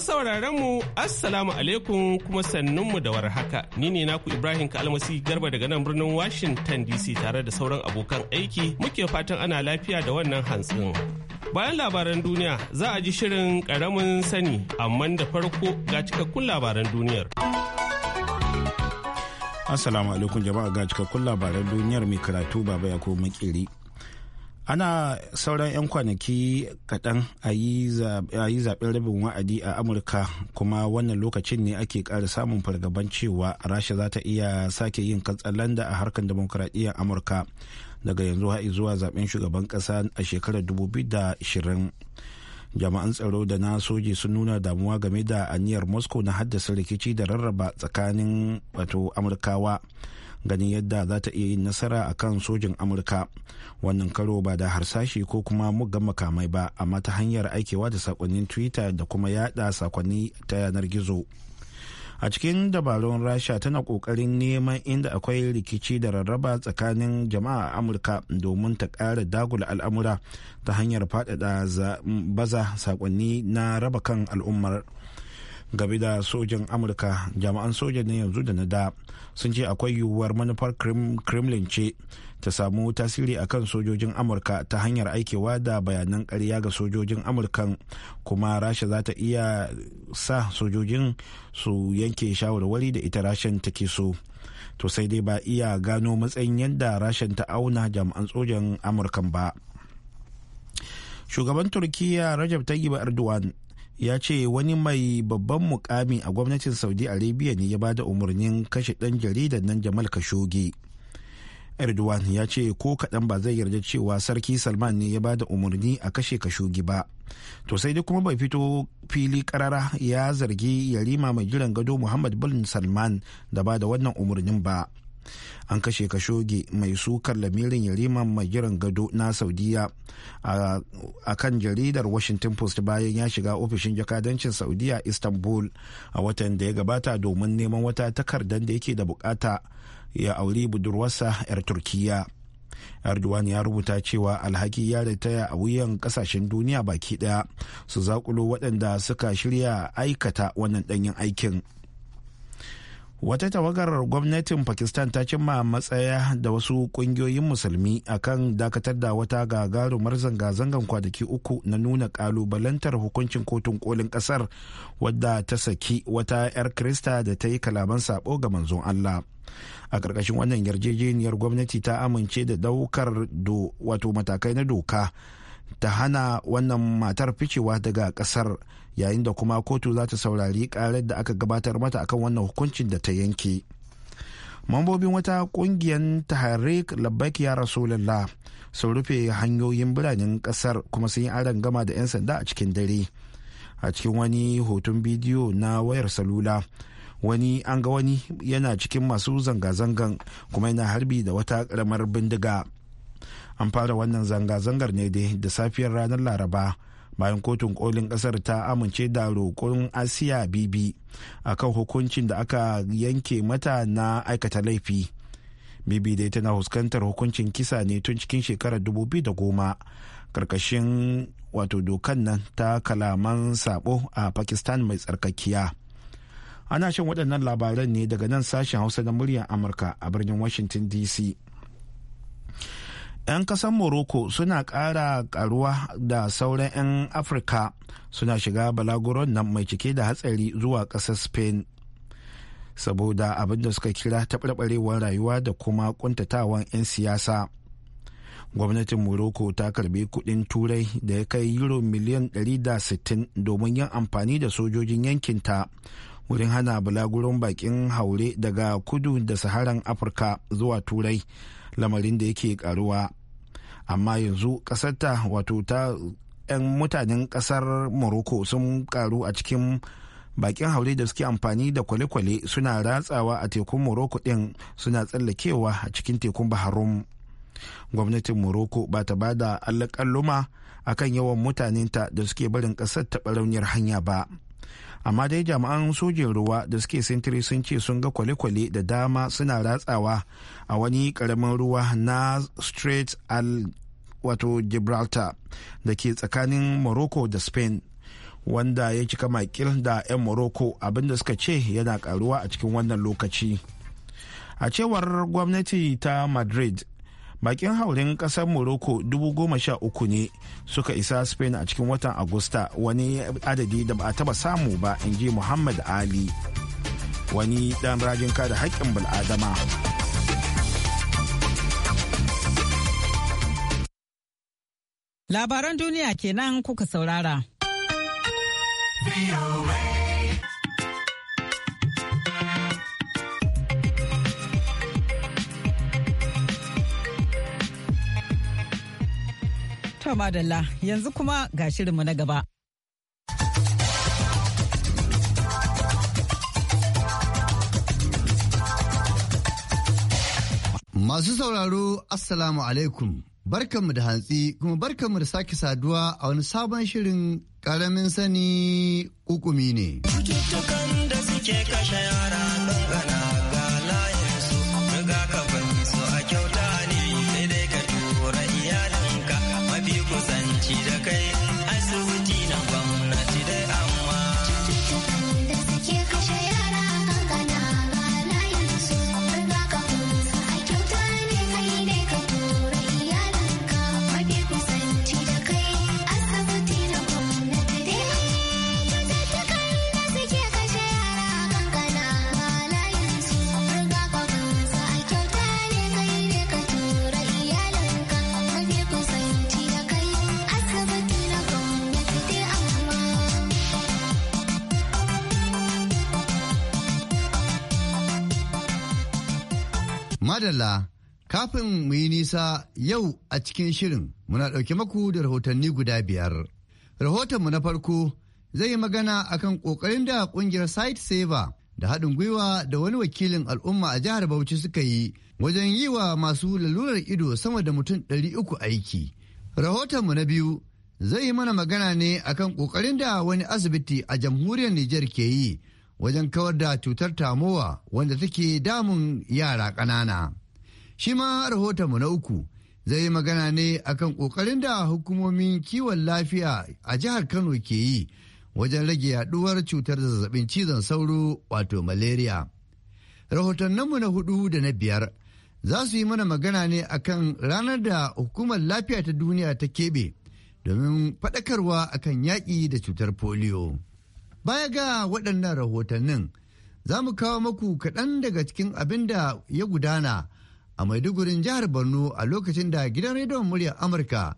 Masu sauraron mu Assalamu alaikum kuma sannunmu da warhaka. Ni ne naku Ibrahim Kalmasi Garba daga nan birnin Washington DC tare da sauran abokan aiki muke fatan ana lafiya da wannan hantsin. Bayan labaran duniya za a ji shirin karamin sani amma da farko ga cikakkun labaran duniyar. Assalamu alaikum jama'a ga cikakkun labaran duniyar mai karatu baba ya ko makiri. ana sauran 'yan kwanaki kaɗan a yi zaɓen rabin wa'adi a amurka kuma wannan lokacin ne ake ƙara samun fargaban cewa rasha za ta iya sake yin katsalanda a harkar demokuraɗiyyar amurka daga yanzu har zuwa zaɓen shugaban ƙasa a shekarar 2020 jama'an tsaro da na soji sun nuna damuwa game da aniyar moscow na haddasa rikici da rarraba tsakanin wato amurkawa ganin yadda za ta iya yin nasara a kan sojin amurka wannan karo ba da harsashi ko kuma muggan makamai ba amma ta hanyar aikewa da sakonnin twitter da kuma yada sakonni ta yanar gizo a cikin dabarun rasha tana kokarin neman inda akwai rikici da rarraba tsakanin jama'a amurka domin ta kara dagula al'amura ta hanyar faɗaɗa baza sakonni na raba kan al'ummar. game da sojan amurka jami'an soja na yanzu da na da sun ce akwai yiwuwar manufar kremlin ce ta samu tasiri a kan sojojin amurka ta hanyar aikewa da bayanan karya ga sojojin amurkan kuma rasha za ta iya sa sojojin su yanke shawarwari da ita rashin take so to sai dai ba iya gano matsayin yadda rashin ta auna jami'an sojan amurkan ba shugaban turkiya rajab tayyip erdogan ya ce wani mai babban mukami a gwamnatin saudi arabia ne ya ba da umarnin kashe ɗan jaridan nan jamal khashoggi erdogan ya ce ko kaɗan ba zai yarda cewa sarki salman ne ya ba da umarni a kashe khashoggi ba to sai dai kuma bai fito fili karara ya zargi yarima mai jiran gado muhammad bin salman da ba da wannan umarnin ba an kashe kashoge mai sukar lamirin yarima mai jiran gado na saudiya a kan jaridar washington post bayan ya shiga ofishin jakadancin saudiya istanbul a watan da ya gabata domin neman wata takardar da yake da bukata ya auri budurwarsa 'yar turkiya erdogan ya rubuta cewa alhaki ya ritaya a wuyan kasashen duniya baki daya su zakulo waɗanda suka shirya aikata wannan ɗanyen aikin wata tawagar gwamnatin pakistan ta cimma matsaya da wasu kungiyoyin musulmi akan dakatar da wata gagarumar zanga-zangan kwanaki uku na nuna kalubalantar hukuncin kotun kolin kasar wadda ta saki wata 'yar krista da ta yi kalaman sabo ga manzon allah a ƙarƙashin wannan yarjejeniyar gwamnati ta amince da daukar wato matakai na doka ta hana wannan matar ficewa daga ƙasar yayin da kuma kotu za ta saurari karar da aka gabatar mata akan wannan hukuncin da ta yanke mambobin wata kungiyar taharik labbaik ya lalla sun rufe hanyoyin biranen kasar kuma sun yi aron gama da 'yan sanda a cikin dare a cikin wani hoton bidiyo na wayar salula wani an ga wani yana cikin masu zanga-zangan kuma yana harbi da wata karamar bindiga an fara wannan zanga-zangar ne dai da safiyar ranar laraba bayan kotun kolin kasar ta amince da roƙon asiya bibi kan hukuncin da aka yanke mata na aikata laifi bibi dai tana fuskantar hukuncin kisa ne tun cikin shekarar 2010 karkashin wato dokan nan ta kalaman sabo a pakistan mai tsarkakiya ana shan waɗannan labaran ne daga nan sashen hausa na muryar amurka a birnin washington dc 'yan kasan morocco suna ƙara karuwa da sauran 'yan afirka suna shiga balaguron nan mai cike da hatsari zuwa ƙasar spain saboda abinda suka kira taɓarɓarewar rayuwa da kuma ƙuntatawan 'yan siyasa gwamnatin morocco ta karbi kudin turai da ya kai euro miliyan 160 domin yin amfani da sojojin yankinta wurin hana balaguron bakin haure daga kudu da saharan afirka zuwa turai lamarin da yake karuwa amma yanzu kasar ta wato ta 'yan mutanen kasar morocco sun karu a cikin bakin haure da suke amfani da kwale-kwale suna ratsawa a tekun morocco din suna tsallakewa a cikin tekun baharum gwamnatin morocco ba ta bada allakalluma akan yawan mutanen ta da suke barin kasar ta barauniyar hanya ba amma dai jami'an sojin ruwa da suke sintiri sun ce sun ga kwale-kwale da dama suna ratsawa a wani karamin ruwa na strait al wato gibraltar da ke tsakanin morocco da spain wanda ya cika makil da 'yan morocco abinda suka ce yana karuwa a cikin wannan lokaci a cewar gwamnati ta madrid bakin haurin kasar morocco uku ne suka isa spain a cikin watan agusta wani adadi da ba a taba samu ba in ji muhammad ali wani dan rajin kada haƙƙin bil'adama labaran duniya kenan kuka saurara. barka madalla yanzu kuma ga shirinmu na gaba. Masu sauraro Assalamu alaikum barkanmu da hantsi kuma barkanmu da sake saduwa a wani sabon shirin karamin sani hukumi ne. Cututtukan baki da adala kafin mu yi nisa yau a cikin shirin muna ɗauke maku da rahotanni guda biyar. Rahotonmu na farko zai yi magana akan ƙoƙarin da ƙungiyar Site Saver da haɗin gwiwa da wani wakilin al'umma a jihar Bauchi suka yi wajen yi wa masu lalurar ido sama da mutum ɗari uku aiki. Rahotonmu na biyu zai yi mana magana ne akan ƙoƙarin da wani asibiti a jamhuriyar Nijar ke yi wajen kawar da cutar tamowa wanda take damun yara ƙanana. Shi ma rahotonmu na uku zai yi magana ne akan ƙoƙarin da hukumomin kiwon lafiya a jihar Kano ke yi wajen rage yaduwar cutar zazzabin cizon sauro wato malaria. namu na hudu da na biyar za su yi mana magana ne akan ranar da hukumar lafiya ta duniya ta keɓe domin faɗakarwa akan yaƙi da cutar polio. Baya ga waɗannan rahotannin, za mu kawo maku kaɗan daga cikin abin da ya gudana a Maidugurin jihar Borno a lokacin da gidan rediyon muryar Amurka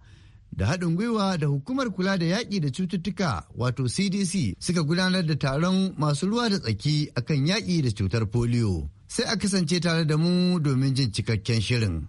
da haɗin gwiwa da hukumar kula da yaƙi da cututtuka wato CDC suka gudanar da taron masu ruwa da tsaki akan yaƙi da cutar polio. Sai a kasance tare da mu domin jin cikakken shirin.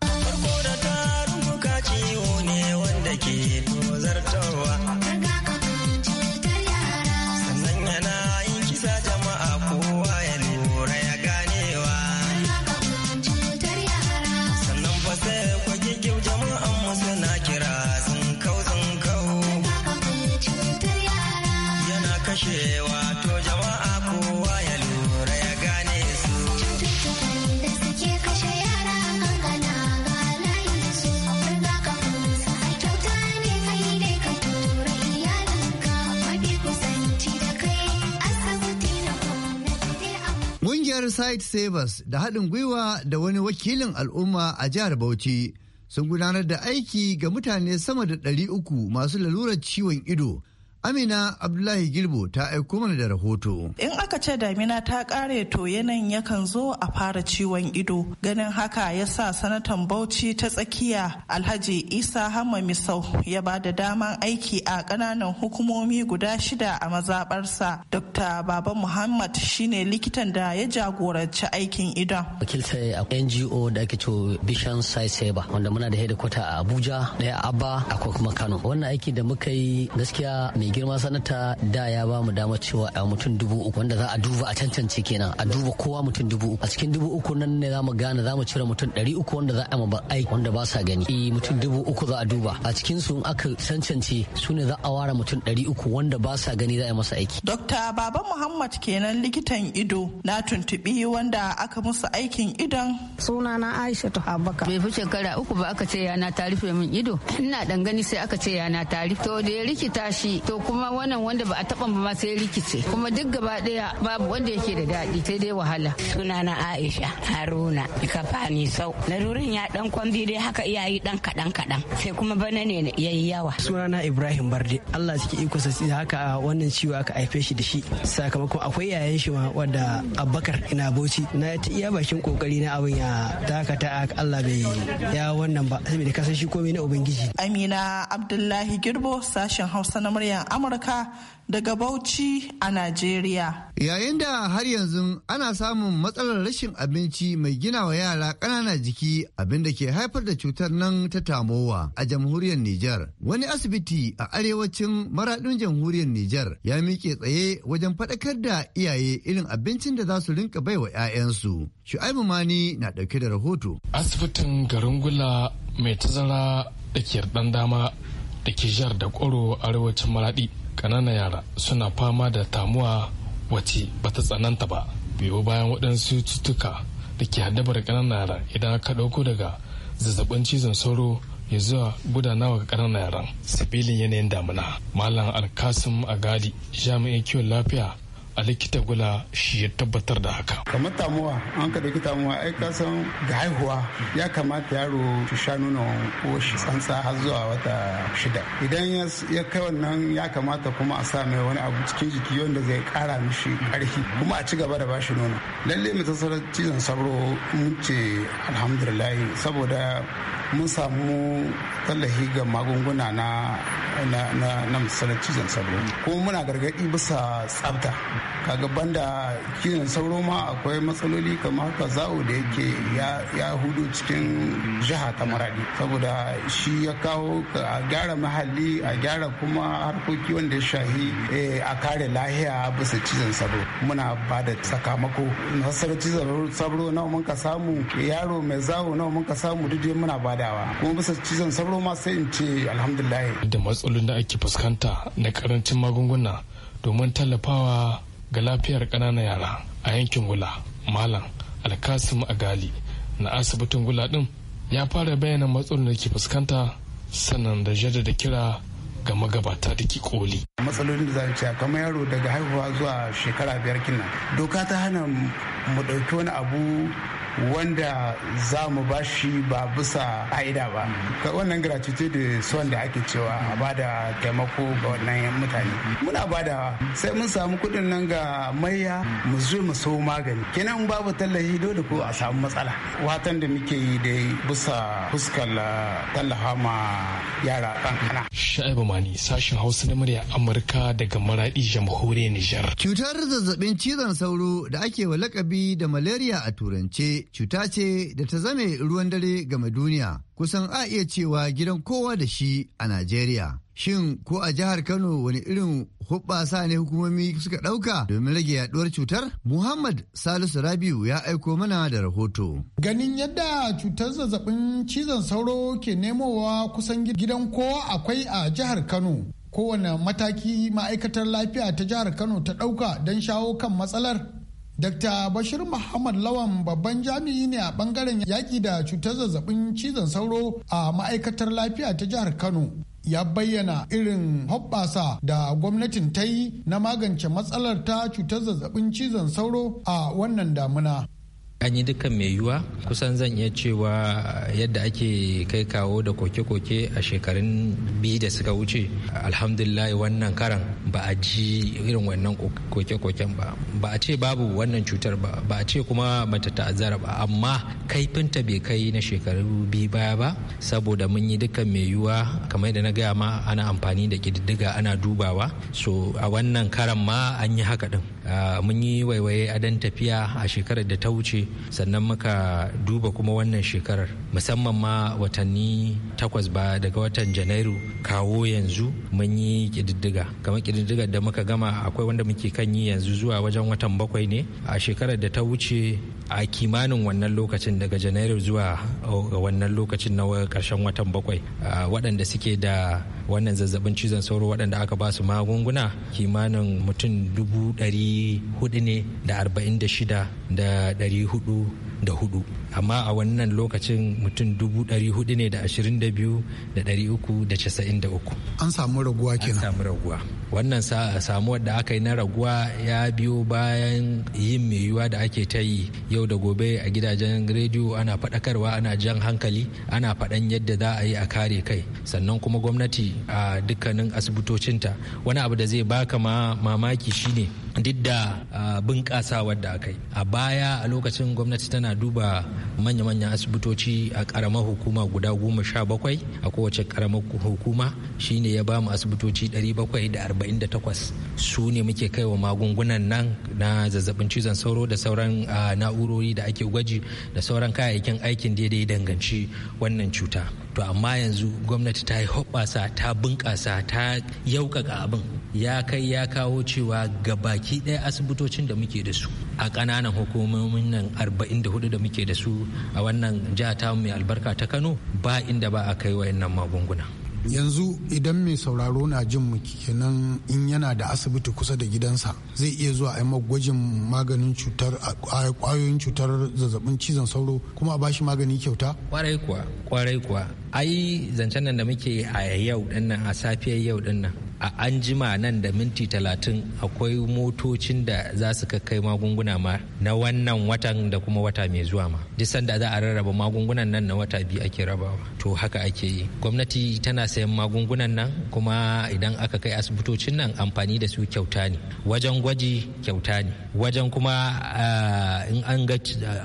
Ƙungiyar Site Savers da haɗin gwiwa da wani wakilin al'umma a jihar Bauchi sun gudanar da aiki ga mutane sama da ɗari uku masu lalurar ciwon ido Amina Abdullahi Girbo ta aiko mana da rahoto. In aka ce damina ta kare to yanayin yakan zo a fara ciwon ido. Ganin haka ya sa sanatan Bauchi ta tsakiya Alhaji Isa Hamma Misau ya ba da daman aiki a ƙananan hukumomi guda shida a mazaɓarsa. Dr. Baba Muhammad shine likitan da ya jagoranci aikin idon. Wakilta a NGO da ake ce Bishan Sai Seba wanda muna da hedikwata a Abuja, da Abba, a Kano. Wannan aiki da muka yi gaskiya mai girma sanata da ya ba mu dama cewa a mutum dubu uku wanda za a duba a cancance kenan a duba kowa mutum dubu uku a cikin dubu uku nan ne za mu gane za mu cire mutum ɗari uku wanda za a ma aiki wanda ba sa gani e mutum dubu uku za a duba a cikin su aka cancance su ne za a ware mutum ɗari uku wanda ba sa gani za a masa aiki. Dokta Baba Muhammad kenan likitan ido na tuntuɓi wanda aka musu aikin idon. Sunana Aisha habaka. Bai fi shekara uku ba aka ce yana tarife min ido. Ina ɗan gani sai aka ce yana ta To da ya rikita shi to kuma wannan wanda ba a taɓa ba sai rikice kuma duk gaba ɗaya babu wanda yake da daɗi sai dai wahala sunana aisha haruna kafani sau larurin ya dan kwambi dai haka iyayi dan kaɗan kaɗan sai kuma bana ne yi yawa sunana ibrahim barde allah ke iko sassi haka wannan ciwo aka haife shi da shi sakamakon akwai yayan shi ma wanda abubakar ina bauchi na ta iya bakin kokari na abin ya dakata allah bai ya wannan ba da kasan shi komai na ubangiji amina abdullahi girbo sashen hausa na murya. amurka daga bauchi a najeriya yayin da har yanzu ana samun matsalar rashin abinci mai gina wa yara ƙanana jiki abinda ke haifar da cutar nan ta tamowa a jamhuriyar niger wani asibiti a arewacin maradin jamhuriyar niger ya miƙe tsaye wajen faɗakar da iyaye irin abincin da za su rinka bai wa 'ya'yansu shu'aibu mani na ɗauke da rahoto asibitin garin gula mai tazara da ke dama da ke jar da kwaro arewacin maradi ƙananan yara suna fama da tamuwa wace bata tsananta ba biyo bayan waɗansu cutuka da ke haddabar ƙananan yara idan aka ɗauko daga zazzabin cizon sauro ya zuwa gudanawa ga ƙananan yaran sabilin yanayin damina malam alkasim agadi jami'in kiwon lafiya a likita gula shi ya tabbatar da haka. kamar tamuwa an ka dauki tamuwa ai ka san ga haihuwa ya kamata yaro shi sha nuna shi tsantsa har zuwa wata shida idan ya kai wannan ya kamata kuma a sa mai wani abu cikin jiki wanda zai kara mishi karfi kuma a ci gaba da bashi nono lalle mu tasarar cizon sauro mun ce alhamdulillah saboda mun samu tallahi ga magunguna na na misalin cizon sauro kuma muna gargaɗi bisa tsafta kaga banda cizon sauro ma akwai matsaloli kamar haka zawo da yake ya hudu cikin jiha ta maradi saboda shi ya kawo a gyara mahalli a gyara kuma harkoki wanda ya shahi eh, a kare lahiya bisa cizon sauro muna ba da sakamako nasarar cizon sauro na mun ka samu yaro mai zawo nawa mun ka samu duk muna badawa kuma bisa cizon sauro ma sai in ce alhamdulillah matsalolin da ake fuskanta na karancin magunguna domin tallafawa ga lafiyar ƙananan yara a yankin gula malam alkasim agali na asibitin gula din. ya fara bayyana matsalolin da ke fuskanta sannan da da kira ga magabata da ke koli. matsalolin da zai kama kamar yaro daga haihuwa zuwa shekara biyar kinnan doka ta hana mu ɗauki wani abu wanda za mu ba shi ba bisa ka'ida ba wannan gratitude da son da ake cewa a ba da taimako ga wannan mutane muna ba da sai mun samu kuɗin nan ga maiya mu zo mu so magani kenan babu tallafi dole ko a samu matsala watan da muke yi dai bisa fuskar ah, tallafa ma yara kankana sha'ibu mani sashen hausa na murya amurka daga maradi jamhuriyar nijar cutar zazzabin cizon sauro da ake wa lakabi da malaria a turance cuta ce da ta zame ruwan dare game duniya kusan a iya cewa gidan kowa da shi a Najeriya. Shin ko a jihar Kano wani irin hubbasa ne hukumomi suka ɗauka domin rage yaduwar cutar? Muhammad Salisu Rabiu ya aiko mana da rahoto. Ganin yadda cutar zazzabin cizon sauro ke nemowa kusan gidan kowa akwai a jihar Kano. Kowane mataki ma'aikatar lafiya ta jihar Kano ta ɗauka don shawo kan matsalar. Dr. Bashir Muhammad Lawan babban jami'i ne a bangaren yaƙi da cutar zazzabin cizon sauro a ma'aikatar lafiya ta jihar Kano. Ya bayyana irin hoɓɓasa da gwamnatin ta yi na magance matsalar ta cutar zazzabin cizon sauro a wannan damuna. an yi dukkan mai yiwuwa kusan zan iya cewa yadda ake kai kawo da koke-koke a shekarun biyu da suka wuce alhamdulillah wannan karan ba a ji irin wannan koke-koken ba ba a ce babu wannan cutar ba ba a ce kuma mata ta'azzara ba amma kaifinta bai kai na shekaru biyu baya ba saboda mun yi dukkan mai yiwuwa kamar da na gaya ma ana amfani da ƙididdiga ana dubawa so a wannan karan ma an yi haka din Ah, mun yi waiwaye adon tafiya a shekarar da ta wuce sannan muka duba kuma wannan shekarar musamman ma watanni takwas ba daga watan janairu kawo yanzu mun yi kididdiga kamar kididdigar da muka gama akwai wanda muke kan yi yanzu zuwa wajen watan bakwai ne a shekarar da ta wuce a kimanin wannan lokacin daga janairu zuwa oh, wannan lokacin na karshen watan bakwai waɗanda suke da wannan zazzabin cizon sauro waɗanda aka ba su magunguna kimanin mutum dubu ɗari hudu ne da arba'in da shida da ɗari hudu da hudu amma a wannan lokacin mutum dubu ɗari hudu ne da ashirin da biyu da ɗari uku da casa'in da uku an samu raguwa kenan an samu raguwa wannan samuwar da aka yi na raguwa ya biyo bayan yin mai yiwuwa da ake ta yi yau da gobe a gidajen rediyo ana faɗakarwa ana jan hankali ana faɗan yadda za a yi a kare kai sannan kuma gwamnati a dukkanin asibitocinta wani abu da zai baka ma mamaki shine duk da bunƙasa wadda aka yi a baya a lokacin gwamnati tana duba manya-manyan asibitoci a karamar hukuma guda goma sha bakwai a kowace karamar hukuma shine ya bamu asibitoci da da arba'in 748 su ne muke kai wa magungunan nan na zazzabin cizon sauro da sauran ah, na'urori da ake gwaji da sauran kayayyakin aikin daidai danganci wannan cuta to amma yanzu gwamnati ta yi hoɓasa ta bunƙasa ta yaukaka abin ya kai ya kawo cewa ga baki ɗaya asibitocin da muke da su a ƙananan hukumomin nan 44 da muke da su a wannan jiha ta mai albarka ta kano ba inda ba a kai wayannan magunguna yanzu idan mai sauraro na jin mu kenan in yana da asibiti kusa da gidansa zai iya zuwa a gwajin maganin cutar kwayoyin cutar zazzabin cizon sauro kuma a bashi magani kyauta kwarai kuwa kwarai kuwa ai zancen nan da muke a yau dinnan a safiyar yau dinnan a an jima nan da minti talatin akwai motocin da za su kai magunguna ma na wannan watan da kuma wata mai zuwa ma duk sanda za a rarraba magungunan nan na wata biyu ake rabawa to haka ake yi gwamnati tana sayan magungunan nan kuma idan aka kai asibitocin nan amfani da su kyauta ne wajen gwaji kyauta ne wajen kuma ah, in an ga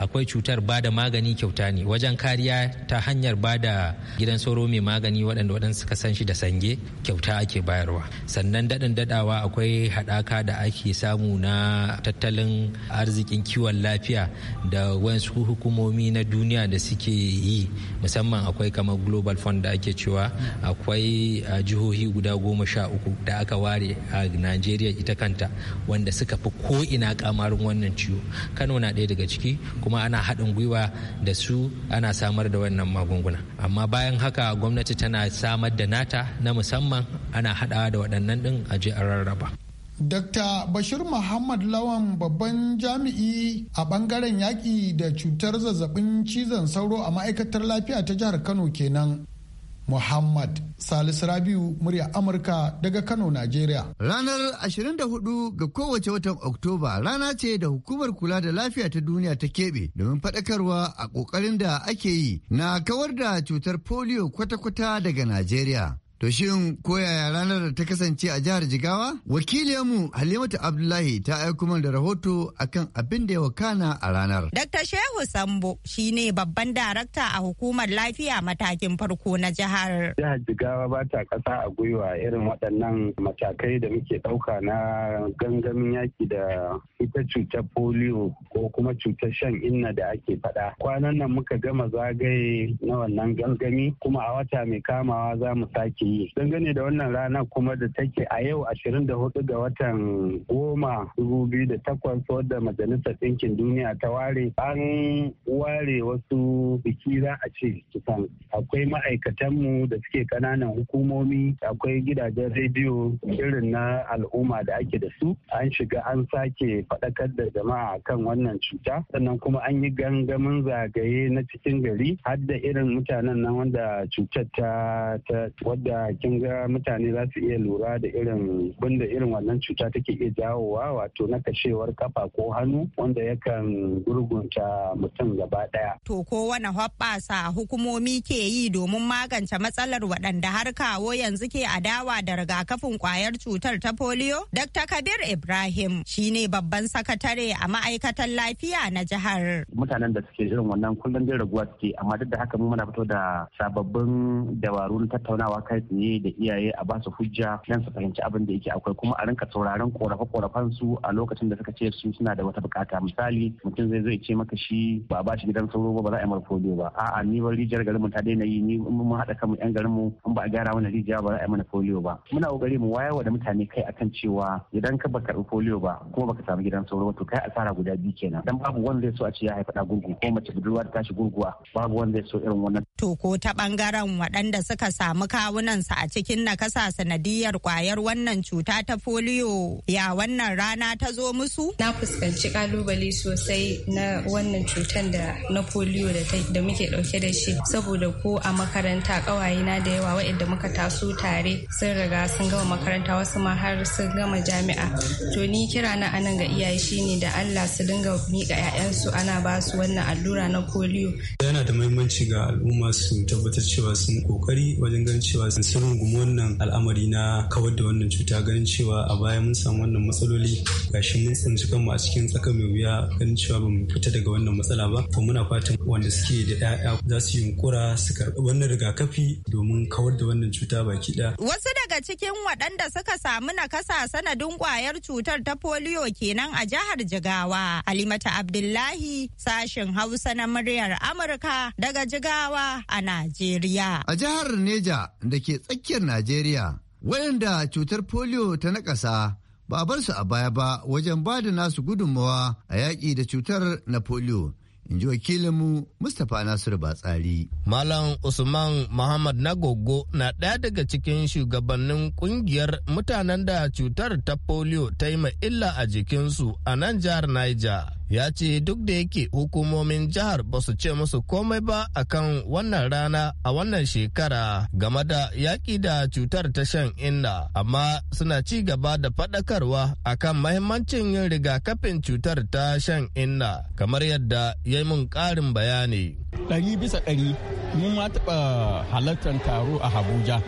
akwai cutar ba da magani kyauta ne wajen kariya ta hanyar ba da gidan sauro mai magani waɗanda waɗanda suka san shi da sange kyauta ake bayarwa sannan daɗin daɗawa akwai haɗaka da ake samu na tattalin arzikin kiwon lafiya da wasu hukumomi na duniya da suke yi musamman akwai kamar global fund da ake cewa akwai jihohi guda goma sha uku da aka ware a najeriya ita kanta wanda suka fi ko'ina kamarin wannan ciwo kano na ɗaya daga ciki kuma ana haɗin gwiwa da su ana samar da wannan magunguna amma bayan haka gwamnati tana samar da nata na musamman ana haɗawa da da waɗannan ɗin a je a Dr. Bashir Muhammad Lawan babban jami'i a bangaren yaƙi da cutar zazzabin cizon sauro a ma'aikatar lafiya ta jihar Kano kenan. Muhammad Salisu Rabiu murya Amurka daga Kano, Najeriya. Ranar 24 ga kowace watan Oktoba rana ce da hukumar kula da lafiya ta duniya ta keɓe domin faɗakarwa a ƙoƙarin da ake yi na kawar da cutar polio kwata-kwata daga Najeriya. To shin koyaya ranar da ta kasance a jihar Jigawa? Wakiliyarmu Halimatu Abdullahi ta aiko mana da rahoto akan abin da ya wakana a ranar. Dr. Shehu Sambo shi ne babban darakta a hukumar lafiya matakin farko na jihar. Jihar Jigawa ba ta kasa a gwiwa irin waɗannan matakai da muke ɗauka na gangamin yaki da ita cutar polio ko kuma cutar shan inna da ake faɗa. Kwanan nan muka gama zagaye na wannan gangami kuma a wata mai kamawa za mu sake yi dangane da wannan rana kuma da take a yau 24 ga watan goma 2008 wadda majalisar ɗinkin duniya ta ware an ware wasu biki za a ce kusan akwai ma'aikatanmu da suke kananan hukumomi akwai gidajen rediyo irin na al'umma da ake da su an shiga an sake faɗakar da jama'a kan wannan cuta sannan kuma an yi gangamin zagaye na cikin gari har da irin mutanen nan wanda cutar ta wadda kin ga mutane za su iya lura da irin bunda irin wannan cuta take iya jawowa wato na kashewar kafa ko hannu wanda yakan gurgunta mutum gaba daya. To ko wani hoɓɓasa hukumomi ke yi domin magance matsalar waɗanda har kawo yanzu ke adawa da rigakafin kwayar cutar ta polio? Dr. Kabir Ibrahim shine babban sakatare a ma'aikatan lafiya na jihar. Mutanen da suke irin wannan kullum dai raguwa suke amma duk da haka mu muna fito da sababbin dabaru na tattaunawa kai tsaye da iyaye a ba su hujja nan su fahimci abin da yake akwai kuma a rinka sauraron korafe korafen su a lokacin da suka ce su suna da wata bukata misali mutum zai zai ce maka shi ba ba shi gidan sauro ba ba za a yi marfolio ba a'a ni ba rijiyar garin mu ta daina yi ni mun haɗa kanmu yan garin mu in ba a gyara mana rijiya ba za a yi mana folio ba muna kokari mu wayarwa da mutane kai akan cewa idan ka baka karɓi folio ba kuma baka samu gidan sauro to kai asara guda biyu kenan dan babu wanda zai so a ce ya haifa gurgu ko mace budurwa ta tashi gurguwa babu wanda zai so irin wannan to ko ta bangaren waɗanda suka samu kawunan kansa a cikin nakasa sanadiyar kwayar wannan cuta ta foliyo ya wannan rana ta zo musu? Na fuskanci kalubale sosai na wannan cutar da na foliyo da muke dauke da shi saboda ko a makaranta kawayena da yawa waɗanda muka taso tare sun riga sun gama makaranta wasu ma har sun gama jami'a. To ni kira na anan ga iyaye shine da Allah su dinga miƙa 'ya'yansu ana ba su wannan allura na foliyo Yana da muhimmanci ga al'umma su tabbatar cewa sun kokari wajen ganin cewa sun sun rungumi wannan al'amari na kawar da wannan cuta ganin cewa a baya mun samu wannan matsaloli gashi mun tsinci kanmu a cikin tsaka mai wuya ganin cewa ba mu fita daga wannan matsala ba to muna fatan wanda suke da 'ya'ya za su yunkura su karɓi wannan rigakafi domin kawar da wannan cuta baki ɗaya. Wasu daga cikin waɗanda suka samu nakasa sanadin kwayar cutar ta foliyo kenan a jihar Jigawa. Halimata Abdullahi sashen Hausa na muryar Amurka daga Jigawa a Najeriya. A jihar Neja da ke tsakiyar Najeriya waɗanda cutar polio ta naƙasa ba a bar su a baya ba wajen ba da nasu gudunmawa a yaƙi da cutar na polio. in ji wakilinmu Mustapha Nasir Batsari. Malam Usman Muhammad Nagogo na ɗaya daga cikin shugabannin ƙungiyar mutanen da cutar ta polio ta yi illa a jikinsu a nan jihar Niger. ya ce duk da yake hukumomin jihar ba su ce musu komai ba a kan wannan rana a wannan shekara game da yaƙi da cutar ta shan inna amma suna ci gaba da faɗakarwa kan mahimmancin yin rigakafin cutar ta shan inna kamar yadda ya yi mun ƙarin bayani. ɗari bisa ɗari mun ma taɓa halartar taro a Abuja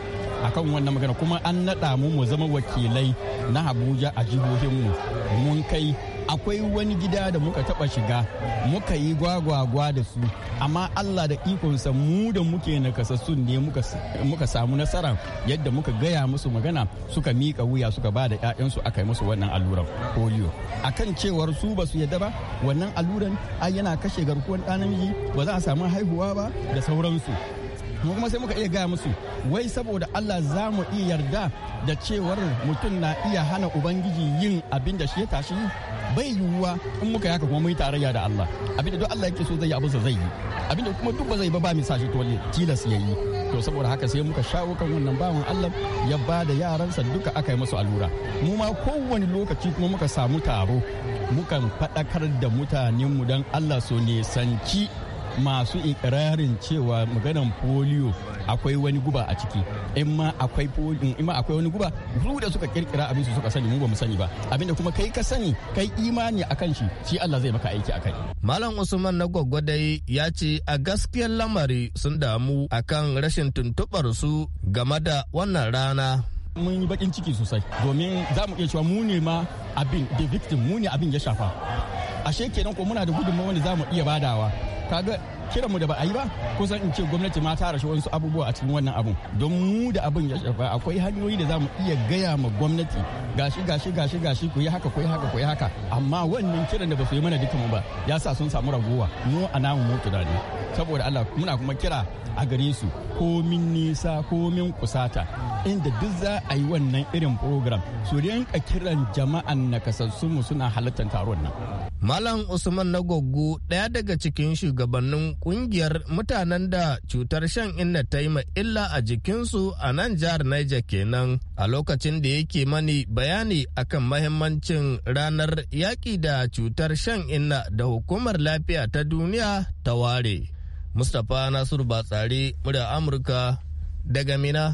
akan wannan magana kuma an naɗa mu mu zama wakilai na habuja a jihohinmu mun kai akwai wani gida da muka taba shiga muka yi gwagwagwa da su amma allah da ikonsa mu da muke nakasassun ne muka samu nasara yadda muka gaya musu magana suka miƙa wuya suka ba da 'ya'yansu aka yi musu wannan alluran polio akan cewar su ba su yadda ba wannan alluran ai yana kashe garkuwar ɗan namiji ba za a samu haihuwa ba da sauransu mu kuma sai muka iya gaya musu wai saboda Allah za mu iya yarda da cewar mutum na iya hana ubangiji yin abin da shi ya tashi bai yiwuwa in muka yaka kuma mun tarayya da Allah abin da duk Allah yake so zai yi abin zai yi abinda da kuma duk ba zai ba ba mi sashi tole tilas ya yi to saboda haka sai muka shawo kan wannan bawan Allah ya ba da yaransa duka aka yi musu allura mu ma kowane lokaci kuma muka samu taro mukan faɗakar da mutanenmu don Allah so nisanci. masu ikirarin cewa maganan polio akwai wani guba a ciki in ma akwai polio in ma akwai wani guba su da suka kirkira abin su suka sani mu ba mu sani ba abin da kuma kai ka sani kai imani akan shi shi Allah zai maka aiki akai Malam Usman na dai ya ce a gaskiyar lamari sun damu akan rashin tuntubar su game da wannan rana mun yi bakin ciki sosai domin za mu iya cewa mu ne ma abin the victim mu ne abin ya shafa ashe kenan ko muna da gudunmawa da zamu iya badawa kaga kiranmu da ba a yi ba kusan in ce gwamnati ma ta rashe wasu abubuwa a cikin wannan abun don mu da abin ya shafa akwai hanyoyi da za mu iya gaya ma gwamnati gashi gashi gashi gashi ku yi haka ku yi haka ku yi haka amma wannan kiran da ba su yi mana dukkanmu ba ya sa sun samu raguwa mu a namu mu tunani saboda Allah muna kuma kira a gare su komin nisa komin kusata inda duk za a yi wannan irin program su rinka kiran jama'an nakasassu mu suna halartar taron nan. Malam Usman Nagoggu ɗaya daga cikin shugabannin kungiyar mutanen da cutar shan inna ta yi illa a jikinsu a nan jihar Niger kenan a lokacin da yake mani bayani akan mahimmancin ranar yaƙi da cutar shan inna da hukumar lafiya ta duniya ta ware. Mustapha Nasiru Batsari, murya Amurka daga Mina.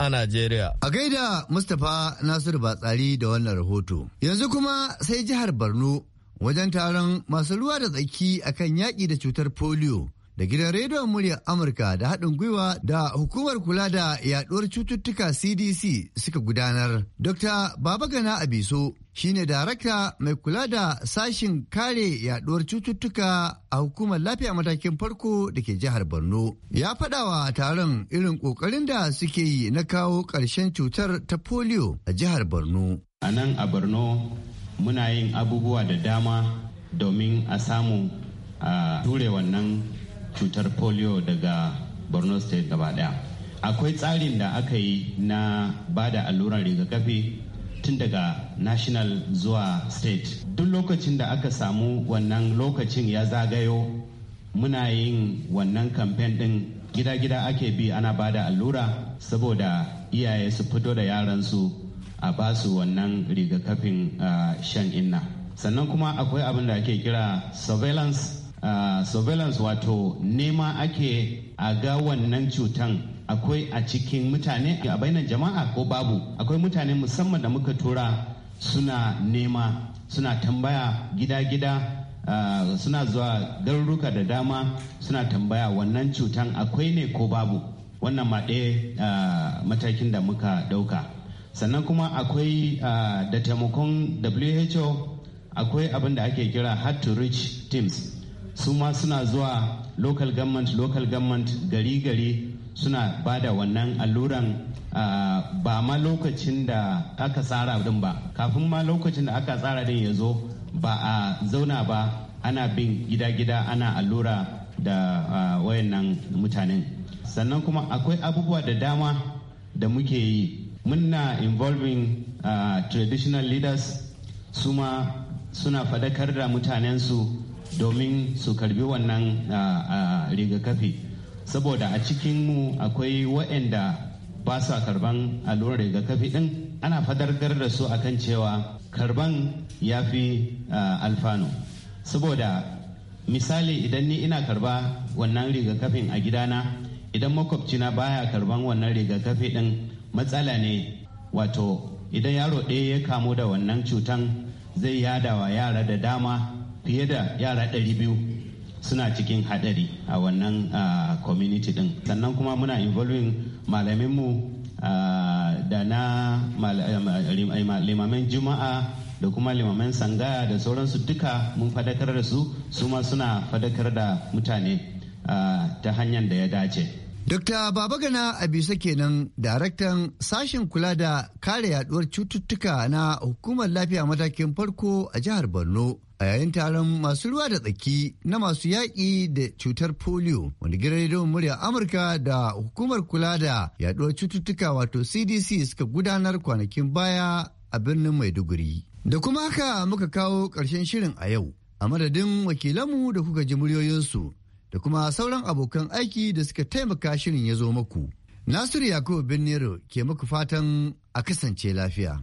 a Najeriya. A gaida Mustapha Nasiru Batsari da wannan rahoto. Yanzu kuma sai jihar Borno wajen taron masu ruwa da tsaki akan yaƙi da cutar polio. da gidan rediyon muryar amurka da haɗin gwiwa da hukumar kula da yaɗuwar cututtuka cdc suka gudanar dr babagana abiso shine darakta mai kula da sashin kare yaduwar cututtuka a hukumar lafiya matakin farko da ke jihar borno ya fadawa taron irin kokarin da suke yi na kawo ƙarshen cutar ta polio a jihar borno a nan a borno muna yin abubuwa da dama domin a samu a ture wannan cutar polio daga borno state gaba daya akwai tsarin da aka yi na ba da alluran rigakafi tun daga national zuwa state duk lokacin da aka samu wannan lokacin ya zagayo muna yin wannan kamfen din gida-gida ake bi ana ba da allura saboda iyaye su fito da yaransu a basu wannan rigakafin ah, shan inna sannan kuma akwai abin da ake kira surveillance ah, surveillance wato nema ake a ga wannan cutan akwai a cikin mutane a bainar jama'a ko babu akwai mutane musamman da muka tura suna nema suna tambaya gida-gida ah, suna zuwa garuruka da dama suna tambaya wannan cutan akwai ne ko babu wannan ma ɗaya ah, matakin da muka ɗauka sannan kuma akwai ah, da taimakon who akwai abin da ake kira hard to reach teams su ma suna zuwa local government local government gari-gari suna bada wannan alluran ba ma lokacin da aka tsara din ba kafin ma lokacin da aka tsara din ya zo ba a zauna ba ana bin gida-gida ana allura da wayannan mutanen sannan kuma akwai abubuwa da dama da muke yi muna involving traditional leaders suma suna fadakar da mutanensu domin su karbi wannan rigakafi saboda a cikin mu akwai waɗanda ba sa karban allurar rigakafi din ana fadargar da su akan cewa karban ya fi alfano saboda misali idan ni ina karba wannan rigakafin a gidana idan makwabcina baya karban wannan rigakafi din matsala ne wato idan yaro ɗaya ya kamu da wannan cutan zai yada wa yara da dama fiye da yara ɗari biyu suna cikin hadari a wannan community din sannan kuma muna involving malaminmu da na limamin juma'a da kuma limamin sangaya da sauransu duka mun fadakar da su su ma suna fadakar da mutane ta hanyar da ya dace Dokta Babagana Abisa kenan daraktan sashen kula da kare yaduwar cututtuka na hukumar lafiya matakin farko a jihar Borno. a yayin taron masu ruwa da tsaki na masu yaƙi da cutar polio wanda gidan murya amurka da hukumar kula da yaduwar cututtuka wato cdc suka gudanar kwanakin baya a birnin maiduguri da kuma haka muka kawo ƙarshen shirin a yau a madadin wakilanmu da kuka ji muryoyinsu da kuma sauran abokan aiki da suka taimaka shirin ya zo muku. nasiru yakubu bin ke muku fatan a kasance lafiya